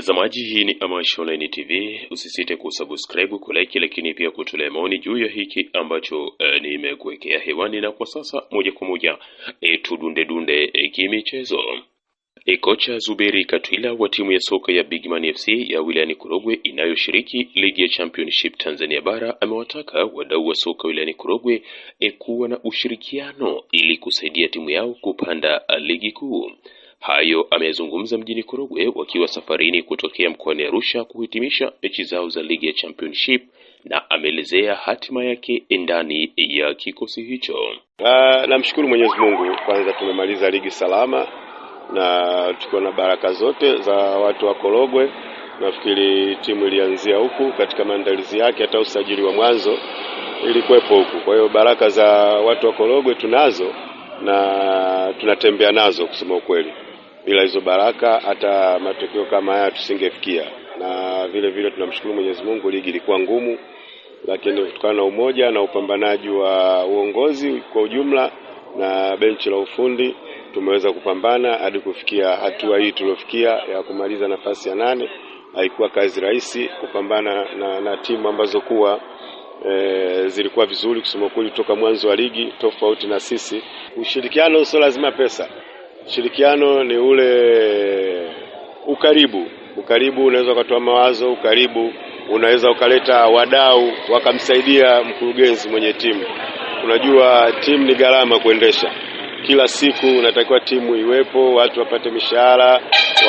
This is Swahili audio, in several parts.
Mtazamaji, hii ni Amash Online TV, usisite kusubscribe, kulike, lakini pia kutolea maoni juu ya hiki ambacho e, nimekuwekea hewani. Na kwa sasa moja kwa moja e, tudunde dunde e, kimichezo. Kocha Zuberi Katwila wa timu ya soka ya Bigman FC ya wilayani Korogwe inayoshiriki ligi ya Championship Tanzania bara amewataka wadau wa soka wilayani Korogwe kuwa na ushirikiano ili kusaidia timu yao kupanda ligi kuu. Hayo amezungumza mjini Korogwe wakiwa safarini kutokea mkoani Arusha kuhitimisha mechi zao za ligi ya Championship na ameelezea hatima yake ndani ya kikosi hicho. Uh, namshukuru Mwenyezi Mungu kwanza, tumemaliza ligi salama na tuko na baraka zote za watu wa Korogwe. Nafikiri timu ilianzia huku katika maandalizi yake, hata usajili wa mwanzo ilikuwepo huku. Kwa hiyo baraka za watu wa Korogwe tunazo na tunatembea nazo kusema ukweli. Bila hizo baraka hata matokeo kama haya tusingefikia, na vile vile tunamshukuru Mwenyezi Mungu, ligi ilikuwa ngumu, lakini kutokana na umoja na upambanaji wa uongozi kwa ujumla na benchi la ufundi tumeweza kupambana hadi kufikia hatua hii tuliofikia ya kumaliza nafasi ya nane. Haikuwa kazi rahisi kupambana na, na timu ambazo kuwa e, zilikuwa vizuri kusema kweli toka mwanzo wa ligi, tofauti na sisi. Ushirikiano sio lazima pesa. Ushirikiano ni ule ukaribu, ukaribu unaweza ukatoa mawazo, ukaribu unaweza ukaleta wadau wakamsaidia mkurugenzi mwenye timu. Unajua timu ni gharama kuendesha, kila siku unatakiwa timu iwepo, watu wapate mishahara,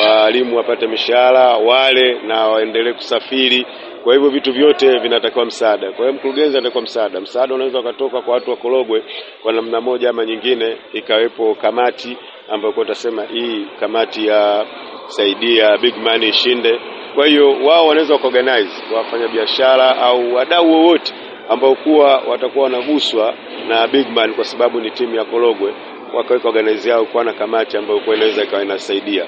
walimu wapate mishahara, wale na waendelee kusafiri. Kwa hivyo vitu vyote vinatakiwa msaada. Kwa hiyo mkurugenzi anatakiwa msaada. Msaada unaweza ukatoka kwa watu wa Korogwe kwa namna moja ama nyingine, ikawepo kamati ambayo kwa utasema hii kamati ya saidia big money ishinde. Kwa hiyo wao wanaweza kuorganize wafanyabiashara au wadau wowote ambao kuwa watakuwa wanaguswa na big man kwa sababu ni timu ya Korogwe, wakaweka organize yao kuwa na kamati ambayo kwa inaweza ikawa inasaidia.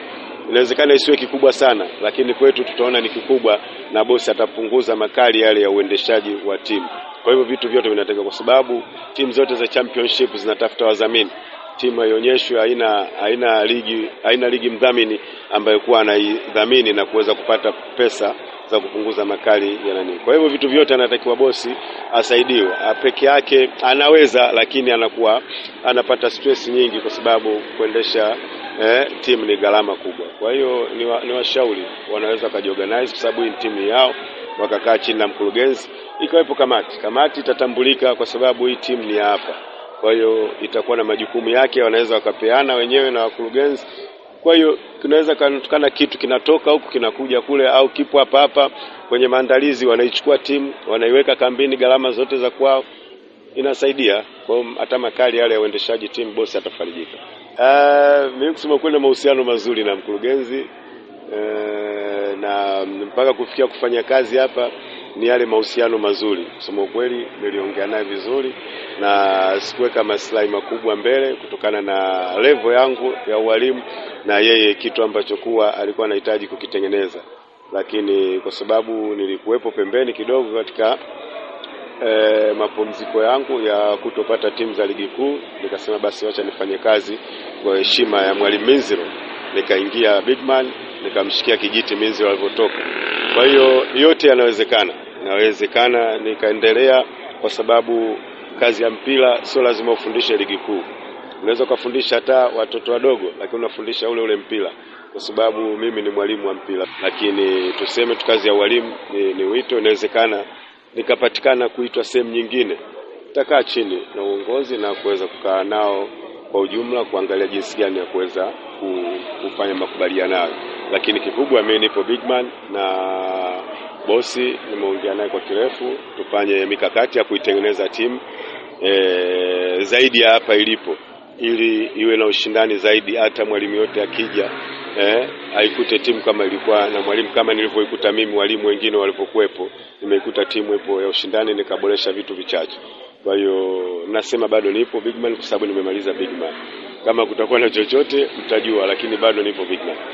Inawezekana isiwe kikubwa sana, lakini kwetu tutaona ni kikubwa, na bosi atapunguza makali yale ya uendeshaji wa timu. Kwa hivyo vitu vyote vinatakiwa, kwa sababu timu zote za championship zinatafuta wadhamini timu haionyeshwe haina haina ligi haina ligi mdhamini ambayo kuwa anaidhamini na kuweza kupata pesa za kupunguza makali ya nani. Kwa hivyo vitu vyote anatakiwa bosi asaidiwe. Peke yake anaweza, lakini anakuwa anapata stress nyingi, kwa sababu kuendesha eh, timu ni gharama kubwa. Kwa hiyo ni washauri wa wanaweza wakajiorganize, kwa sababu hii timu yao, wakakaa chini na mkurugenzi, ikawepo kamati. Kamati itatambulika kwa sababu hii timu ni hapa kwa hiyo itakuwa na majukumu yake, wanaweza wakapeana wenyewe na wakurugenzi. Kwa hiyo kinaweza kana kitu kinatoka huku kinakuja kule, au kipo hapa hapa kwenye maandalizi, wanaichukua timu wanaiweka kambini, gharama zote za kwao inasaidia. Kwa hiyo hata makali yale ya uendeshaji timu, bosi atafarijika. Uh, mimi kusema kweli na mahusiano mazuri na mkurugenzi uh, na mpaka kufikia kufanya kazi hapa ni yale mahusiano mazuri. Kusema ukweli, niliongea naye vizuri na sikuweka maslahi makubwa mbele kutokana na levo yangu ya ualimu na yeye, kitu ambacho kuwa alikuwa anahitaji kukitengeneza, lakini kwa sababu nilikuwepo pembeni kidogo katika E, mapumziko yangu ya kutopata timu za ligi kuu, nikasema basi wacha nifanye kazi kwa heshima ya mwalimu Minziro. Nikaingia Bigman nikamshikia kijiti Minziro alivyotoka. Kwa hiyo yote yanawezekana inawezekana nikaendelea, kwa sababu kazi ya mpira sio lazima ufundishe ligi kuu. Unaweza ukafundisha hata watoto wadogo, lakini unafundisha ule ule mpira, kwa sababu mimi ni mwalimu wa mpira. Lakini tuseme tu kazi ya walimu ni, ni wito. Inawezekana nikapatikana kuitwa sehemu nyingine, nitakaa chini na uongozi na kuweza kukaa nao kwa ujumla kuangalia jinsi gani ya kuweza kufanya makubaliano lakini kikubwa mimi nipo bigman na bosi, nimeongea naye kwa kirefu, tufanye mikakati ya kuitengeneza timu e, eh, zaidi ya hapa ilipo ili iwe na ushindani zaidi, hata mwalimu yote akija eh, aikute timu kama ilikuwa na mwalimu kama nilivyoikuta mimi, walimu wengine walipokuwepo, nimeikuta timu ipo ya ushindani, nikaboresha vitu vichache. Kwa hiyo nasema bado nipo bigman, kwa sababu nimemaliza bigman. Kama kutakuwa na chochote mtajua, lakini bado nipo bigman.